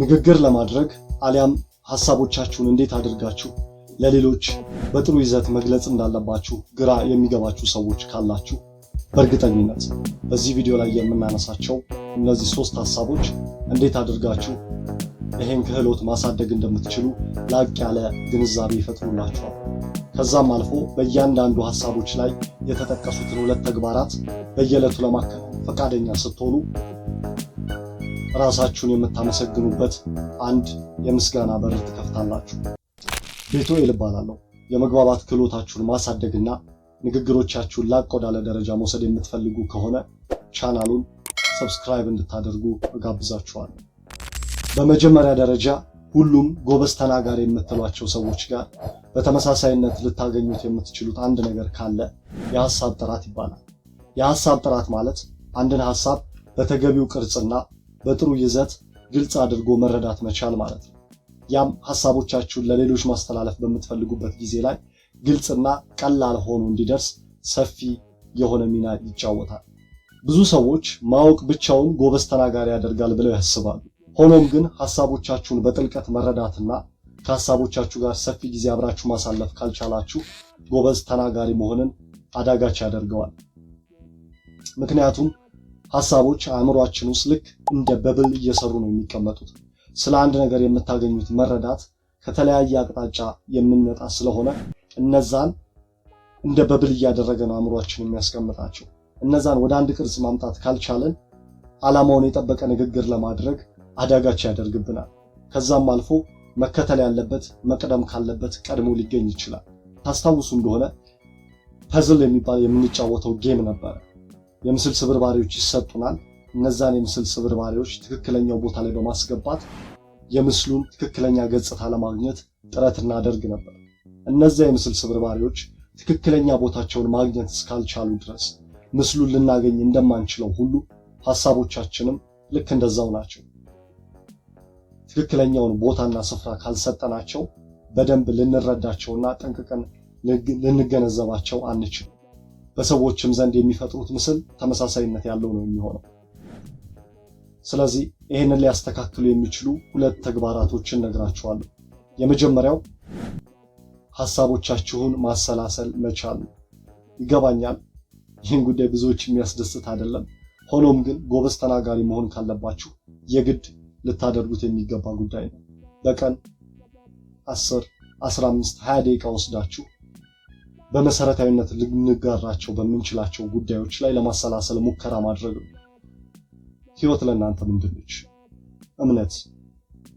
ንግግር ለማድረግ አሊያም ሀሳቦቻችሁን እንዴት አድርጋችሁ ለሌሎች በጥሩ ይዘት መግለጽ እንዳለባችሁ ግራ የሚገባችሁ ሰዎች ካላችሁ በእርግጠኝነት በዚህ ቪዲዮ ላይ የምናነሳቸው እነዚህ ሶስት ሀሳቦች እንዴት አድርጋችሁ ይህን ክህሎት ማሳደግ እንደምትችሉ ላቅ ያለ ግንዛቤ ይፈጥሩላችኋል። ከዛም አልፎ በእያንዳንዱ ሀሳቦች ላይ የተጠቀሱትን ሁለት ተግባራት በየዕለቱ ለማከናወን ፈቃደኛ ስትሆኑ ራሳችሁን የምታመሰግኑበት አንድ የምስጋና በር ትከፍታላችሁ። ቤቶ ይልባላለሁ። የመግባባት ክህሎታችሁን ማሳደግና ንግግሮቻችሁን ላቅ ወዳለ ደረጃ መውሰድ የምትፈልጉ ከሆነ ቻናሉን ሰብስክራይብ እንድታደርጉ እጋብዛችኋለሁ። በመጀመሪያ ደረጃ ሁሉም ጎበዝ ተናጋሪ የምትሏቸው ሰዎች ጋር በተመሳሳይነት ልታገኙት የምትችሉት አንድ ነገር ካለ የሐሳብ ጥራት ይባላል። የሐሳብ ጥራት ማለት አንድን ሐሳብ በተገቢው ቅርጽና በጥሩ ይዘት ግልጽ አድርጎ መረዳት መቻል ማለት ነው። ያም ሀሳቦቻችሁን ለሌሎች ማስተላለፍ በምትፈልጉበት ጊዜ ላይ ግልጽና ቀላል ሆኖ እንዲደርስ ሰፊ የሆነ ሚና ይጫወታል። ብዙ ሰዎች ማወቅ ብቻውን ጎበዝ ተናጋሪ ያደርጋል ብለው ያስባሉ። ሆኖም ግን ሀሳቦቻችሁን በጥልቀት መረዳትና ከሀሳቦቻችሁ ጋር ሰፊ ጊዜ አብራችሁ ማሳለፍ ካልቻላችሁ ጎበዝ ተናጋሪ መሆንን አዳጋች ያደርገዋል። ምክንያቱም ሀሳቦች አእምሯችን ውስጥ ልክ እንደ በብል እየሰሩ ነው የሚቀመጡት። ስለ አንድ ነገር የምታገኙት መረዳት ከተለያየ አቅጣጫ የምንመጣ ስለሆነ እነዛን እንደ በብል እያደረገ ነው አእምሯችን የሚያስቀምጣቸው። እነዛን ወደ አንድ ቅርጽ ማምጣት ካልቻለን ዓላማውን የጠበቀ ንግግር ለማድረግ አዳጋች ያደርግብናል። ከዛም አልፎ መከተል ያለበት መቅደም ካለበት ቀድሞ ሊገኝ ይችላል። ታስታውሱ እንደሆነ ፐዝል የሚባል የምንጫወተው ጌም ነበረ። የምስል ስብርባሪዎች ይሰጡናል። እነዛን የምስል ስብርባሪዎች ትክክለኛው ቦታ ላይ በማስገባት የምስሉን ትክክለኛ ገጽታ ለማግኘት ጥረት እናደርግ ነበር። እነዛ የምስል ስብርባሪዎች ትክክለኛ ቦታቸውን ማግኘት እስካልቻሉ ድረስ ምስሉን ልናገኝ እንደማንችለው ሁሉ ሐሳቦቻችንም ልክ እንደዛው ናቸው። ትክክለኛውን ቦታና ስፍራ ካልሰጠናቸው በደንብ ልንረዳቸውና ጠንቅቀን ልንገነዘባቸው አንችልም። በሰዎችም ዘንድ የሚፈጥሩት ምስል ተመሳሳይነት ያለው ነው የሚሆነው። ስለዚህ ይህንን ሊያስተካክሉ የሚችሉ ሁለት ተግባራቶችን ነግራችኋለሁ። የመጀመሪያው ሀሳቦቻችሁን ማሰላሰል መቻል ይገባኛል፣ ይህን ጉዳይ ብዙዎች የሚያስደስት አይደለም። ሆኖም ግን ጎበዝ ተናጋሪ መሆን ካለባችሁ የግድ ልታደርጉት የሚገባ ጉዳይ ነው። በቀን 10፣ 15፣ 20 ደቂቃ ወስዳችሁ በመሰረታዊነት ልንጋራቸው በምንችላቸው ጉዳዮች ላይ ለማሰላሰል ሙከራ ማድረግ ነው። ህይወት ለእናንተ ምንድን እምነት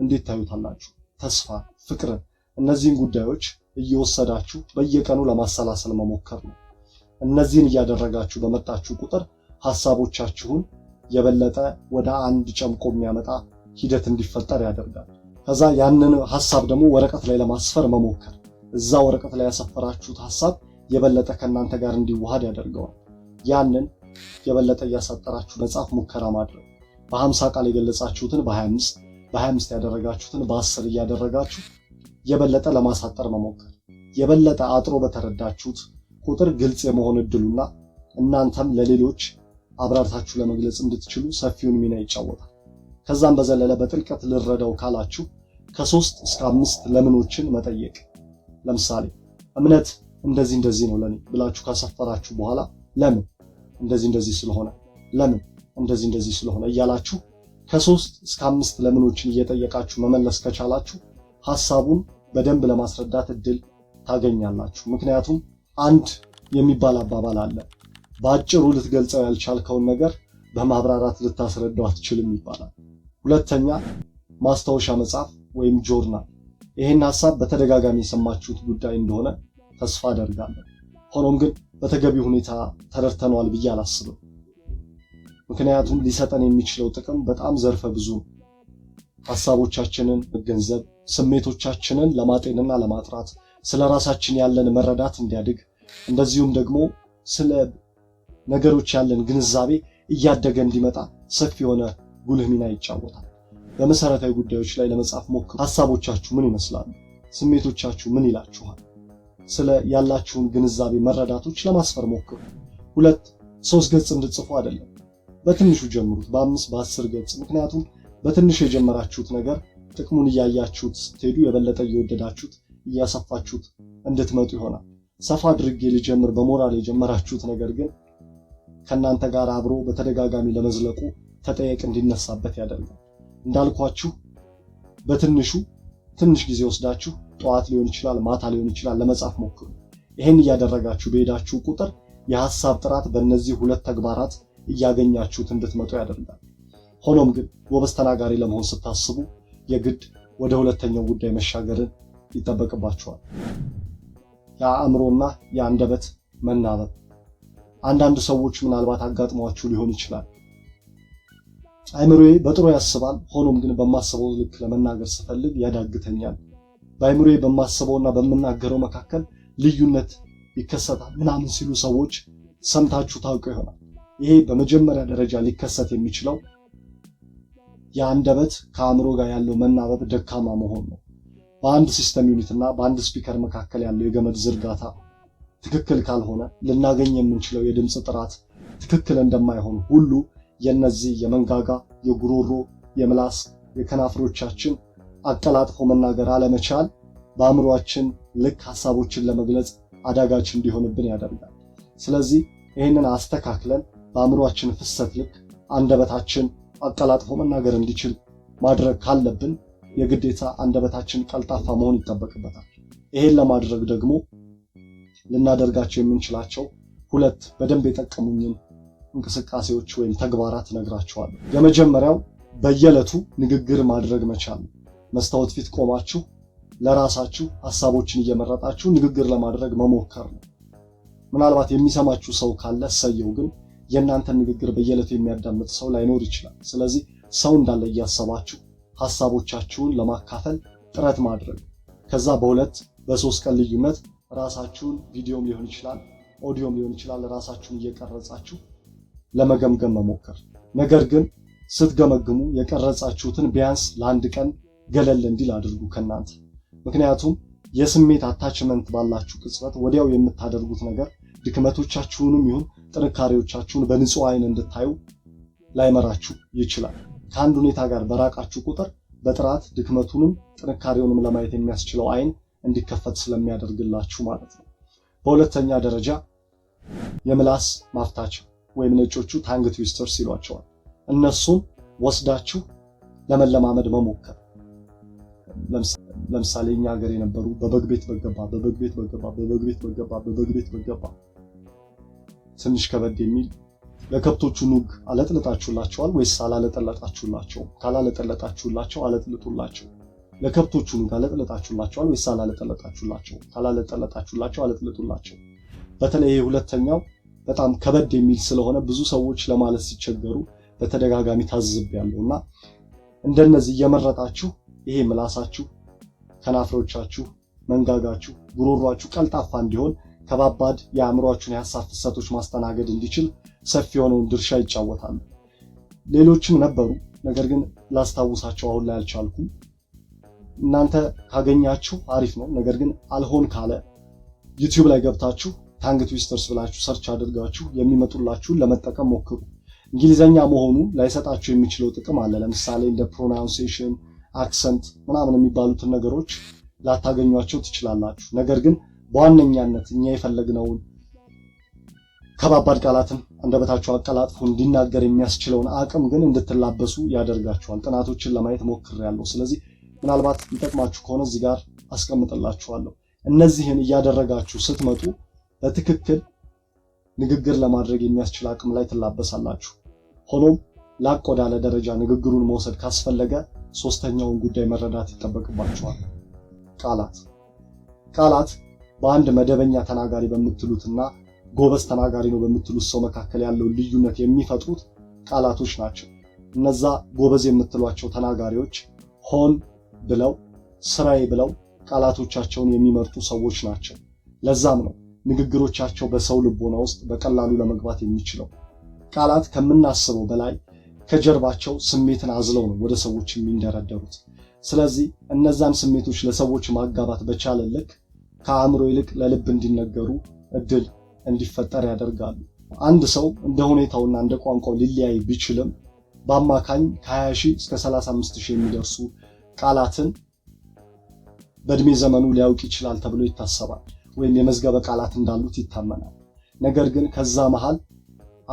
እንዴት ታዩታላችሁ? ተስፋ፣ ፍቅርን እነዚህን ጉዳዮች እየወሰዳችሁ በየቀኑ ለማሰላሰል መሞከር ነው። እነዚህን እያደረጋችሁ በመጣችሁ ቁጥር ሀሳቦቻችሁን የበለጠ ወደ አንድ ጨምቆ የሚያመጣ ሂደት እንዲፈጠር ያደርጋል። ከዛ ያንን ሀሳብ ደግሞ ወረቀት ላይ ለማስፈር መሞከር እዛ ወረቀት ላይ ያሰፈራችሁት ሀሳብ የበለጠ ከእናንተ ጋር እንዲዋሃድ ያደርገዋል። ያንን የበለጠ እያሳጠራችሁ መጽሐፍ ሙከራ ማድረግ በ50 ቃል የገለጻችሁትን በ25 በ25 ያደረጋችሁትን በ10 እያደረጋችሁ የበለጠ ለማሳጠር መሞከር የበለጠ አጥሮ በተረዳችሁት ቁጥር ግልጽ የመሆን እድሉና እናንተም ለሌሎች አብራርታችሁ ለመግለጽ እንድትችሉ ሰፊውን ሚና ይጫወታል። ከዛም በዘለለ በጥልቀት ልረዳው ካላችሁ ከሶስት እስከ አምስት ለምኖችን መጠየቅ ለምሳሌ እምነት እንደዚህ እንደዚህ ነው ለኔ ብላችሁ ካሰፈራችሁ በኋላ ለምን እንደዚህ እንደዚህ ስለሆነ ለምን እንደዚህ እንደዚህ ስለሆነ እያላችሁ ከሶስት እስከ አምስት ለምኖችን እየጠየቃችሁ መመለስ ከቻላችሁ ሀሳቡን በደንብ ለማስረዳት እድል ታገኛላችሁ። ምክንያቱም አንድ የሚባል አባባል አለ፣ በአጭሩ ልትገልጸው ያልቻልከውን ነገር በማብራራት ልታስረዳው አትችልም ይባላል። ሁለተኛ ማስታወሻ መጽሐፍ ወይም ጆርናል ይህን ሀሳብ በተደጋጋሚ የሰማችሁት ጉዳይ እንደሆነ ተስፋ አደርጋለሁ። ሆኖም ግን በተገቢ ሁኔታ ተረድተነዋል ብዬ አላስብም። ምክንያቱም ሊሰጠን የሚችለው ጥቅም በጣም ዘርፈ ብዙ ነው። ሀሳቦቻችንን መገንዘብ፣ ስሜቶቻችንን ለማጤንና ለማጥራት፣ ስለ ራሳችን ያለን መረዳት እንዲያድግ፣ እንደዚሁም ደግሞ ስለ ነገሮች ያለን ግንዛቤ እያደገ እንዲመጣ ሰፊ የሆነ ጉልህ ሚና ይጫወታል። በመሰረታዊ ጉዳዮች ላይ ለመጻፍ ሞክሩ። ሀሳቦቻችሁ ምን ይመስላሉ? ስሜቶቻችሁ ምን ይላችኋል? ስለ ያላችሁን ግንዛቤ መረዳቶች ለማስፈር ሞክሩ። ሁለት ሶስት ገጽ እንድትጽፉ አይደለም፣ በትንሹ ጀምሩት፣ በአምስት በአስር ገጽ። ምክንያቱም በትንሹ የጀመራችሁት ነገር ጥቅሙን እያያችሁት ስትሄዱ የበለጠ እየወደዳችሁት እያሰፋችሁት እንድትመጡ ይሆናል። ሰፋ አድርጌ ልጀምር በሞራል የጀመራችሁት ነገር ግን ከእናንተ ጋር አብሮ በተደጋጋሚ ለመዝለቁ ተጠየቅ እንዲነሳበት ያደርጋል። እንዳልኳችሁ በትንሹ ትንሽ ጊዜ ወስዳችሁ ጠዋት ሊሆን ይችላል፣ ማታ ሊሆን ይችላል ለመጻፍ ሞክሩ። ይህን እያደረጋችሁ በሄዳችሁ ቁጥር የሐሳብ ጥራት በእነዚህ ሁለት ተግባራት እያገኛችሁት እንድትመጡ ያደርጋል። ሆኖም ግን ጎበዝ ተናጋሪ ለመሆን ስታስቡ የግድ ወደ ሁለተኛው ጉዳይ መሻገርን ይጠበቅባችኋል። የአእምሮና የአንደበት መናበብ። አንዳንድ ሰዎች ምናልባት አጋጥሟችሁ ሊሆን ይችላል አይምሮዬ በጥሩ ያስባል። ሆኖም ግን በማስበው ልክ ለመናገር ስፈልግ ያዳግተኛል። በአይምሮዬ በማስበውና በምናገረው መካከል ልዩነት ይከሰታል ምናምን ሲሉ ሰዎች ሰምታችሁ ታውቁ ይሆናል። ይሄ በመጀመሪያ ደረጃ ሊከሰት የሚችለው የአንደበት ከአእምሮ ጋር ያለው መናበብ ደካማ መሆን ነው። በአንድ ሲስተም ዩኒት እና በአንድ ስፒከር መካከል ያለው የገመድ ዝርጋታ ትክክል ካልሆነ ልናገኝ የምንችለው የድምፅ ጥራት ትክክል እንደማይሆን ሁሉ የእነዚህ የመንጋጋ የጉሮሮ የምላስ የከናፍሮቻችን አቀላጥፎ መናገር አለመቻል በአእምሯችን ልክ ሐሳቦችን ለመግለጽ አዳጋች እንዲሆንብን ያደርጋል። ስለዚህ ይህንን አስተካክለን በአእምሯችን ፍሰት ልክ አንደበታችን አቀላጥፎ መናገር እንዲችል ማድረግ ካለብን የግዴታ አንደበታችን ቀልጣፋ መሆን ይጠበቅበታል። ይሄን ለማድረግ ደግሞ ልናደርጋቸው የምንችላቸው ሁለት በደንብ የጠቀሙኝን እንቅስቃሴዎች ወይም ተግባራት እነግራችኋለሁ። የመጀመሪያው በየዕለቱ ንግግር ማድረግ መቻል ነው። መስታወት ፊት ቆማችሁ ለራሳችሁ ሀሳቦችን እየመረጣችሁ ንግግር ለማድረግ መሞከር ነው። ምናልባት የሚሰማችሁ ሰው ካለ ሰየው ግን የእናንተን ንግግር በየዕለቱ የሚያዳምጥ ሰው ላይኖር ይችላል። ስለዚህ ሰው እንዳለ እያሰባችሁ ሀሳቦቻችሁን ለማካፈል ጥረት ማድረግ ከዛ በሁለት በሶስት ቀን ልዩነት ራሳችሁን ቪዲዮም ሊሆን ይችላል ኦዲዮም ሊሆን ይችላል ራሳችሁን እየቀረጻችሁ ለመገምገም መሞከር። ነገር ግን ስትገመግሙ የቀረጻችሁትን ቢያንስ ለአንድ ቀን ገለል እንዲል አድርጉ ከእናንተ ምክንያቱም የስሜት አታችመንት ባላችሁ ቅጽበት ወዲያው የምታደርጉት ነገር ድክመቶቻችሁንም ይሁን ጥንካሬዎቻችሁን በንጹህ ዓይን እንድታዩ ላይመራችሁ ይችላል። ከአንድ ሁኔታ ጋር በራቃችሁ ቁጥር በጥራት ድክመቱንም ጥንካሬውንም ለማየት የሚያስችለው ዓይን እንዲከፈት ስለሚያደርግላችሁ ማለት ነው። በሁለተኛ ደረጃ የምላስ ማፍታቸው ወይም ነጮቹ ታንግ ትዊስተርስ ይሏቸዋል። እነሱን ወስዳችሁ ለመለማመድ መሞከር። ለምሳሌ እኛ ሀገር የነበሩ በበግ ቤት በገባ በበግ ቤት በገባ በበግ ቤት በገባ በበግ ቤት በገባ ትንሽ ከበድ የሚል ለከብቶቹ ኑግ አለጥልጣችሁላቸዋል ወይስ አላለጠለጣችሁላቸው? ካላለጠለጣችሁላቸው አለጥልጡላቸው። ለከብቶቹ ኑግ አለጥልጣችሁላቸዋል ወይስ አላለጠለጣችሁላቸው? ካላለጠለጣችሁላቸው አለጥልጡላቸው። በተለይ ሁለተኛው በጣም ከበድ የሚል ስለሆነ ብዙ ሰዎች ለማለት ሲቸገሩ በተደጋጋሚ ታዝቤያለሁ እና እንደነዚህ እየመረጣችሁ ይሄ ምላሳችሁ፣ ከናፍሮቻችሁ፣ መንጋጋችሁ፣ ጉሮሯችሁ ቀልጣፋ እንዲሆን ከባባድ የአእምሯችሁን የሀሳብ ፍሰቶች ማስተናገድ እንዲችል ሰፊ የሆነውን ድርሻ ይጫወታሉ። ሌሎችም ነበሩ፣ ነገር ግን ላስታውሳቸው አሁን ላይ አልቻልኩም። እናንተ ካገኛችሁ አሪፍ ነው። ነገር ግን አልሆን ካለ ዩቲዩብ ላይ ገብታችሁ ታንግ ትዊስተርስ ብላችሁ ሰርች አድርጋችሁ የሚመጡላችሁን ለመጠቀም ሞክሩ። እንግሊዘኛ መሆኑ ላይሰጣችሁ የሚችለው ጥቅም አለ። ለምሳሌ እንደ ፕሮናውንሴሽን፣ አክሰንት ምናምን የሚባሉትን ነገሮች ላታገኟቸው ትችላላችሁ። ነገር ግን በዋነኛነት እኛ የፈለግነውን ከባባድ ቃላትን አንደበታችሁ አቀላጥፎ እንዲናገር የሚያስችለውን አቅም ግን እንድትላበሱ ያደርጋችኋል። ጥናቶችን ለማየት ሞክሬያለሁ። ስለዚህ ምናልባት ይጠቅማችሁ ከሆነ እዚህ ጋር አስቀምጥላችኋለሁ። እነዚህን እያደረጋችሁ ስትመጡ በትክክል ንግግር ለማድረግ የሚያስችል አቅም ላይ ትላበሳላችሁ። ሆኖም ላቅ ወዳለ ደረጃ ንግግሩን መውሰድ ካስፈለገ ሶስተኛውን ጉዳይ መረዳት ይጠበቅባችኋል። ቃላት ቃላት በአንድ መደበኛ ተናጋሪ በምትሉትና ጎበዝ ተናጋሪ ነው በምትሉት ሰው መካከል ያለው ልዩነት የሚፈጥሩት ቃላቶች ናቸው። እነዛ ጎበዝ የምትሏቸው ተናጋሪዎች ሆን ብለው ስራዬ ብለው ቃላቶቻቸውን የሚመርጡ ሰዎች ናቸው። ለዛም ነው ንግግሮቻቸው በሰው ልቦና ውስጥ በቀላሉ ለመግባት የሚችለው። ቃላት ከምናስበው በላይ ከጀርባቸው ስሜትን አዝለው ነው ወደ ሰዎች የሚንደረደሩት። ስለዚህ እነዛን ስሜቶች ለሰዎች ማጋባት በቻለ ልክ ከአእምሮ ይልቅ ለልብ እንዲነገሩ እድል እንዲፈጠር ያደርጋሉ። አንድ ሰው እንደ ሁኔታውና እንደ ቋንቋው ሊለያይ ቢችልም በአማካኝ ከ20 ሺህ እስከ 35 ሺህ የሚደርሱ ቃላትን በእድሜ ዘመኑ ሊያውቅ ይችላል ተብሎ ይታሰባል። ወይም የመዝገበ ቃላት እንዳሉት ይታመናል። ነገር ግን ከዛ መሃል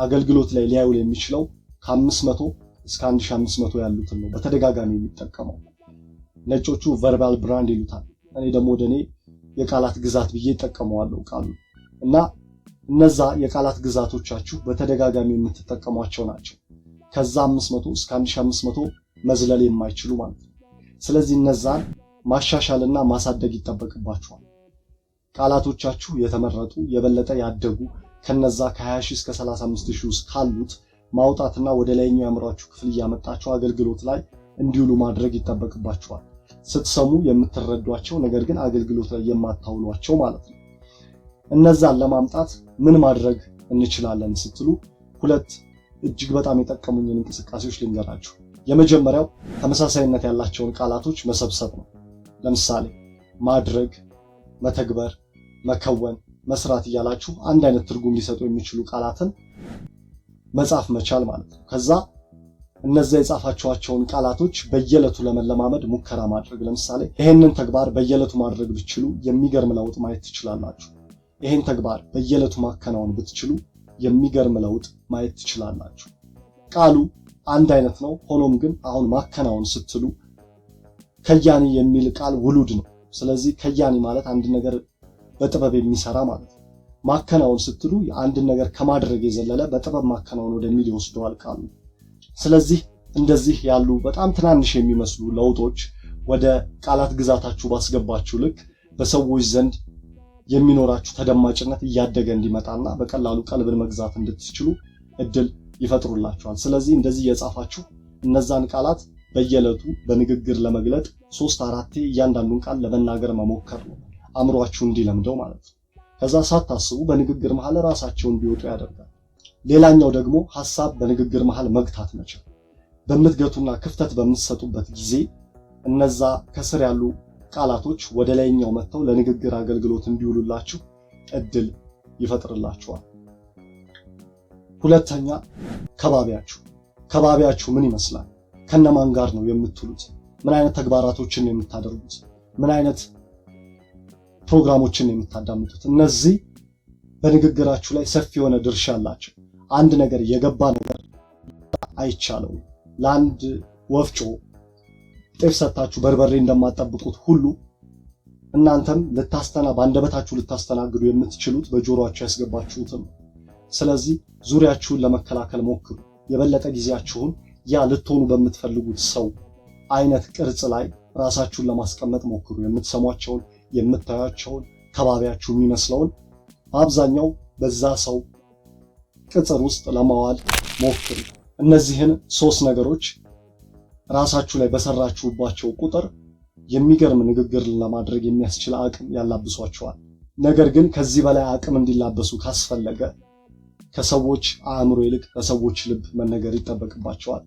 አገልግሎት ላይ ሊያውል የሚችለው ከ500 እስከ 1500 ያሉትን ነው በተደጋጋሚ የሚጠቀመው። ነጮቹ ቨርባል ብራንድ ይሉታል። እኔ ደግሞ ወደ እኔ የቃላት ግዛት ብዬ እጠቀመዋለሁ ቃሉ እና እነዛ የቃላት ግዛቶቻችሁ በተደጋጋሚ የምትጠቀሟቸው ናቸው። ከዛ 500 እስከ 1500 መዝለል የማይችሉ ማለት ነው። ስለዚህ እነዛን ማሻሻልና ማሳደግ ይጠበቅባችኋል። ቃላቶቻችሁ የተመረጡ የበለጠ ያደጉ ከነዛ ከ20 ሺህ እስከ 35 ሺህ ውስጥ ካሉት ማውጣትና ወደ ላይኛው የአእምሯችሁ ክፍል እያመጣችሁ አገልግሎት ላይ እንዲውሉ ማድረግ ይጠበቅባችኋል። ስትሰሙ የምትረዷቸው ነገር ግን አገልግሎት ላይ የማታውሏቸው ማለት ነው። እነዛን ለማምጣት ምን ማድረግ እንችላለን ስትሉ ሁለት እጅግ በጣም የጠቀሙኝን እንቅስቃሴዎች ልንገራችሁ። የመጀመሪያው ተመሳሳይነት ያላቸውን ቃላቶች መሰብሰብ ነው። ለምሳሌ ማድረግ፣ መተግበር፣ መከወን፣ መስራት እያላችሁ አንድ አይነት ትርጉም ሊሰጡ የሚችሉ ቃላትን መጻፍ መቻል ማለት ነው። ከዛ እነዚያ የጻፋችኋቸውን ቃላቶች በየዕለቱ ለመለማመድ ሙከራ ማድረግ። ለምሳሌ ይሄንን ተግባር በየዕለቱ ማድረግ ብትችሉ የሚገርም ለውጥ ማየት ትችላላችሁ። ይሄን ተግባር በየዕለቱ ማከናወን ብትችሉ የሚገርም ለውጥ ማየት ትችላላችሁ። ቃሉ አንድ አይነት ነው። ሆኖም ግን አሁን ማከናወን ስትሉ ከያኒ የሚል ቃል ውሉድ ነው። ስለዚህ ከያኒ ማለት አንድ ነገር በጥበብ የሚሰራ ማለት ነው። ማከናወን ስትሉ የአንድን ነገር ከማድረግ የዘለለ በጥበብ ማከናወን ወደሚል ይወስደዋል ቃሉ። ስለዚህ እንደዚህ ያሉ በጣም ትናንሽ የሚመስሉ ለውጦች ወደ ቃላት ግዛታችሁ ባስገባችሁ ልክ በሰዎች ዘንድ የሚኖራችሁ ተደማጭነት እያደገ እንዲመጣና በቀላሉ ቀልብን መግዛት እንድትችሉ እድል ይፈጥሩላችኋል። ስለዚህ እንደዚህ የጻፋችሁ እነዛን ቃላት በየዕለቱ በንግግር ለመግለጥ ሶስት አራቴ እያንዳንዱን ቃል ለመናገር መሞከር ነው። አእምሯችሁ እንዲለምደው ማለት ነው። ከዛ ሳታስቡ በንግግር መሃል ራሳቸው እንዲወጡ ያደርጋል። ሌላኛው ደግሞ ሀሳብ በንግግር መሃል መግታት መቻል። በምትገቱና ክፍተት በምትሰጡበት ጊዜ እነዛ ከስር ያሉ ቃላቶች ወደ ላይኛው መጥተው ለንግግር አገልግሎት እንዲውሉላችሁ እድል ይፈጥርላችኋል። ሁለተኛ ከባቢያችሁ ከባቢያችሁ ምን ይመስላል? ከነማን ጋር ነው የምትውሉት? ምን አይነት ተግባራቶችን ነው የምታደርጉት? ምን አይነት ፕሮግራሞችን የምታዳምጡት እነዚህ በንግግራችሁ ላይ ሰፊ የሆነ ድርሻ አላቸው። አንድ ነገር የገባ ነገር አይቻለው። ለአንድ ወፍጮ ጤፍ ሰታችሁ በርበሬ እንደማጠብቁት ሁሉ እናንተም ልታስተና በአንደበታችሁ ልታስተናግዱ የምትችሉት በጆሮአችሁ ያስገባችሁትም። ስለዚህ ዙሪያችሁን ለመከላከል ሞክሩ። የበለጠ ጊዜያችሁን ያ ልትሆኑ በምትፈልጉት ሰው አይነት ቅርጽ ላይ ራሳችሁን ለማስቀመጥ ሞክሩ። የምትሰሟቸውን የምታያቸውን ከባቢያችሁ የሚመስለውን በአብዛኛው በዛ ሰው ቅጽር ውስጥ ለማዋል ሞክሩ። እነዚህን ሶስት ነገሮች ራሳችሁ ላይ በሰራችሁባቸው ቁጥር የሚገርም ንግግር ለማድረግ የሚያስችል አቅም ያላብሷቸዋል። ነገር ግን ከዚህ በላይ አቅም እንዲላበሱ ካስፈለገ ከሰዎች አእምሮ ይልቅ ከሰዎች ልብ መነገር ይጠበቅባቸዋል።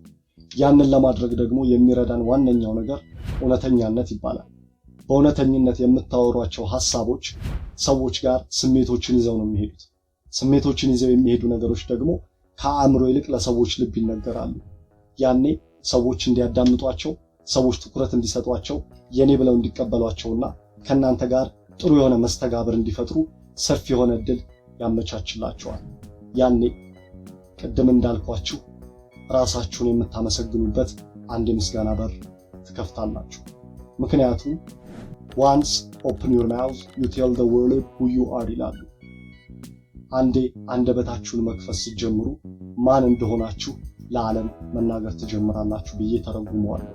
ያንን ለማድረግ ደግሞ የሚረዳን ዋነኛው ነገር እውነተኛነት ይባላል። በእውነተኝነት የምታወሯቸው ሀሳቦች ሰዎች ጋር ስሜቶችን ይዘው ነው የሚሄዱት። ስሜቶችን ይዘው የሚሄዱ ነገሮች ደግሞ ከአእምሮ ይልቅ ለሰዎች ልብ ይነገራሉ። ያኔ ሰዎች እንዲያዳምጧቸው፣ ሰዎች ትኩረት እንዲሰጧቸው፣ የኔ ብለው እንዲቀበሏቸውና ከእናንተ ጋር ጥሩ የሆነ መስተጋብር እንዲፈጥሩ ሰፊ የሆነ እድል ያመቻችላቸዋል። ያኔ ቅድም እንዳልኳችሁ ራሳችሁን የምታመሰግኑበት አንድ የምስጋና በር ትከፍታላችሁ። ምክንያቱም ዋንስ ኦፕን ዩር ማውዝ ዩ ቴል ዘ ወርልድ ሁ ዩ አር ይላሉ። አንዴ አንደበታችሁን መክፈት ስትጀምሩ ማን እንደሆናችሁ ለዓለም መናገር ትጀምራላችሁ ብዬ ተረጉመዋለሁ።